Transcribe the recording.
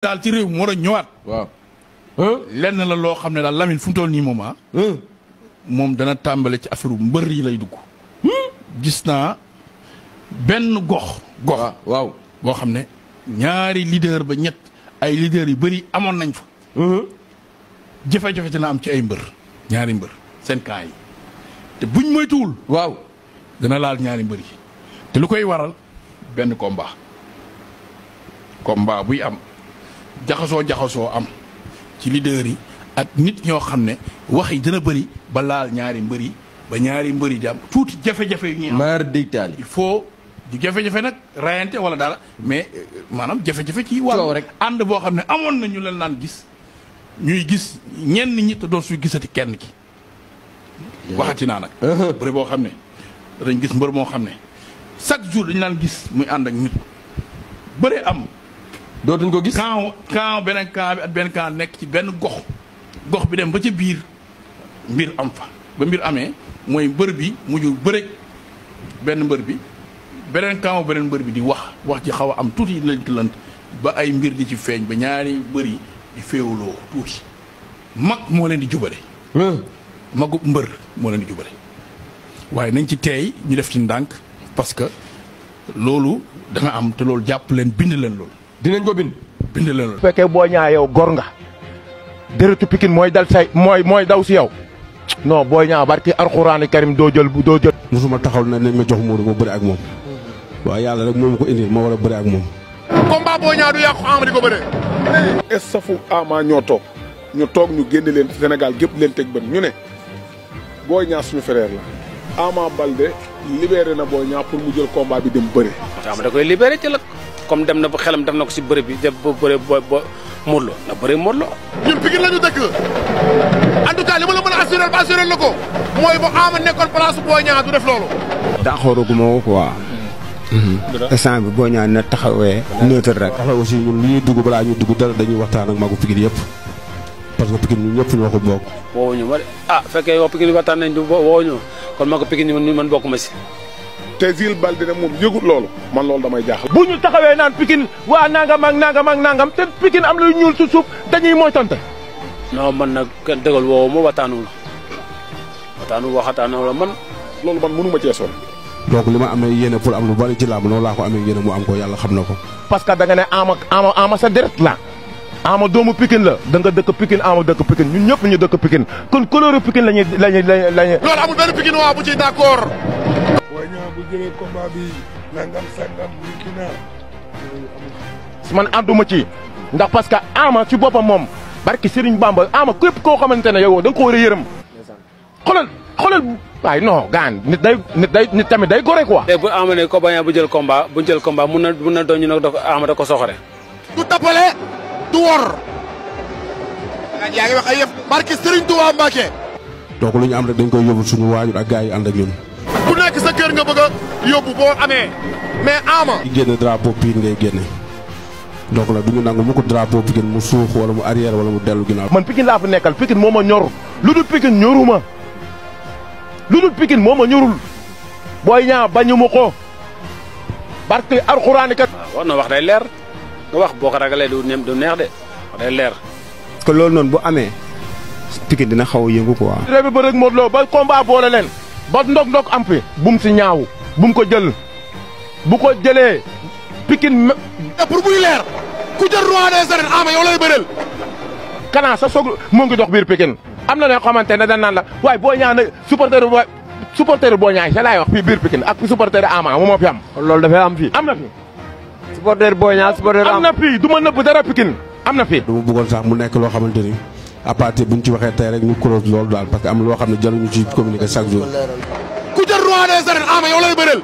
daal ci réew mu war a ñëwaat. waaw. lenn la loo xam ne daal lamin fu mu toll nii moom a ah. moom dana tàmbale ci affaire mbër yi lay dugg. gis naa benn gox. gox ah, waaw boo xam ne ñaari leader ba ñett ay leader yu bëri amoon nañ fa. jafe-jafe dina am ci ay mbër. ñaari mbër seen cas yi te buñ moytuwul. waaw dana laal ñaari mbër yi te lu koy waral benn komba komba buy am. jaxasoo jaxasoo am ci leader yi ak nit ñoo xam ne wax yi dina bëri ba laal ñaari mbër yi ba ñaari mbër yi di am tuuti jafe-jafe yu ñuy am. maar il faut du nag rayante wala dara mais euh, maanaam jafe ci wàllu rek ànd boo xam ne amoon na leen naan gis ñuy gis ñenn ñi te doon suy gisati kenn ki. waxati naa nag. Uh-huh. boo xam ne dañ gis mbër moo xam ne chaque jour dañu naan gis muy ànd ak nit bëri am. dootun ko gis kaw kaw benen camp bi ak benn camp nekk ci benn gox gox bi dem ba ci biir mbir am fa ba mbir amé moy mbeur bi ñu beurek benn mbeur bi beneen camp benen mbeur bi di wax wax ci xawa am tuti lënt lënt ba ay mbir di ci feñ ba ñaari mbër yi di féewloo tuuti mak mo leen di jubale hmm. magu mbeur mo leen di jubale waye nañ ci teey ñu def ci ndank parce que lolu da nga am te lolu japp leen bind leen lolu dinañ ko bind. bind leen bu fekkee boo ñaa yow gor nga. dëretu pikin mooy dal say mooy mooy daw si yow. non boo ñaa barki alxuraani karim doo jël doo jël. mosuma taxaw na nañ ma jox Modou ma bëri ak moom. waa yàlla rek moom ko indi ma war a bëri ak moom. combat boo ñaa du yàqu Ama di ko bëree. estafu Ama ñoo toog ñu toog ñu génne leen Sénégal gépp leen teg bët ñu ne boo ñaa suñu frère la Ama Balde libéré na boo ñaa pour mu jël combat bi dem ci la. comme dem na ba xelam def na ko si bëre bi def ba bëre bo bo Modou na bëre Modou Lo ñun Pikine lañu dëkk en tout cas li ma la mën a ba assurer lako moy mooy bu ama nekkoon place bo ñaan du def xoro gu moko quoi mm-hmm. instant bi Boy na taxawé neutre rek après aussi ñun li dugg bala ñu dugg dara dañuy waxtaan ak magu Pikine yépp parce que Pikine ñu ñëpp ñoko bok wo ñu ah fekké yow Pikine waxtaan nañ du ñu kon magu Pikine man bokuma ci te Zil Baldé ne moom yëgut loolu man loolu damay jaaxal. bu ñu taxawee naan Pikine waa nangam ak nangam ak nangam te Pikine am lu ñuul ci suuf dañuy moytante. non man nag kenn dëggal woowu ma waxtaanul waxtaanul waxataanul la man. loolu man mënu ma cee sonn. donc li ma amee yéene pour am lu bari ci làmb noonu laa ko amee yéene mu am ko yàlla xam na ko. parce que da nga ne ama ama ama sa deret la ama doomu Pikine la da nga dëkk Pikine ama dëkk Pikine ñun ñëpp ñu dëkk Pikine kon couleur Pikine la ñuy la ñuy la ñuy. loolu amul benn Pikine waa bu ci d'accord. Wagnabou combat bi nangam sangam wiki man ànduma ci ndax parce que Ama ci bopam mom barki Serigne Bamba Ama kep ko xamantene yow dang ko wara yeureum xolal xolal way waaye non gaan nit day nit day nit tamit day goré quoi. bu Ama ne ko baña bu jël combat bu jël combat mun na mun na doon ñu Ama da ko soxoré du tapalé du wor. ngay ngi wax ay barki Serigne Touba mbake donc luñu am rek dañ koy yobul suñu waajur ak gaay yi ànd ak ñun kër nga bëgg a yóbbu boo amee mais Ama. di génne drapeau Pikine ngay génne donc nag du ñu nangu mu ko drapeau Pikine mu suux wala mu arrière wala mu dellu ginnaaw. man Pikine laa fi nekkal Pikine moo Je ñor lu Pikine ñoruma lu Pikine moo ñorul booy ñaa bañu ko barke alxuraani kat. Ah, war wax day leer nga wax boo Je ragalee du neex de day leer. parce que loolu bu amee Pikine dina xaw a yëngu quoi. réew bi ba rek Je ba combat boole leen ba ndok ndok am fi bum mu si ñaaw bu ko jël bu ko jëlé pikin pour buy lèr ku jël roi des arènes ama yow lay bëreel. kana sa sog mo ngi dox bir pikin am na ñoo xamante ne dañ la way bo ñaan supporter bo supporter bo ñaay sa lay wax fii biir ak supporter ama moom mo fi am. loolu dafay am fi am na fi. supporter bo ñaan supporter am na fii du ma dara pikin am na fi. duma bëggoon sax mu nekk lo xamanteni à partir bu ñu ci waxee tey rek ñu close loolu daal parce que am loo xam ne jaruñu ci communiquer chaque jour. ku jël roi des arènes ama yow lay bëreel.